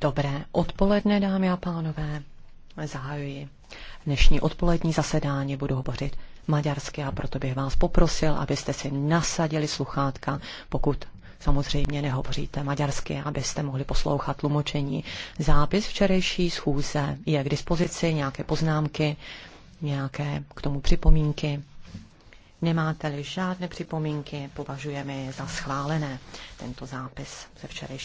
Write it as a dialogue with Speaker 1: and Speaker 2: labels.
Speaker 1: Dobré odpoledne, dámy a pánové. Zahajuji dnešní odpolední zasedání, budu hovořit maďarsky a proto bych vás poprosil, abyste si nasadili sluchátka, pokud samozřejmě nehovoříte maďarsky, abyste mohli poslouchat tlumočení. Zápis včerejší schůze je k dispozici, nějaké poznámky, nějaké k tomu připomínky. Nemáte-li žádné připomínky, považujeme je za schválené tento zápis ze včerejší.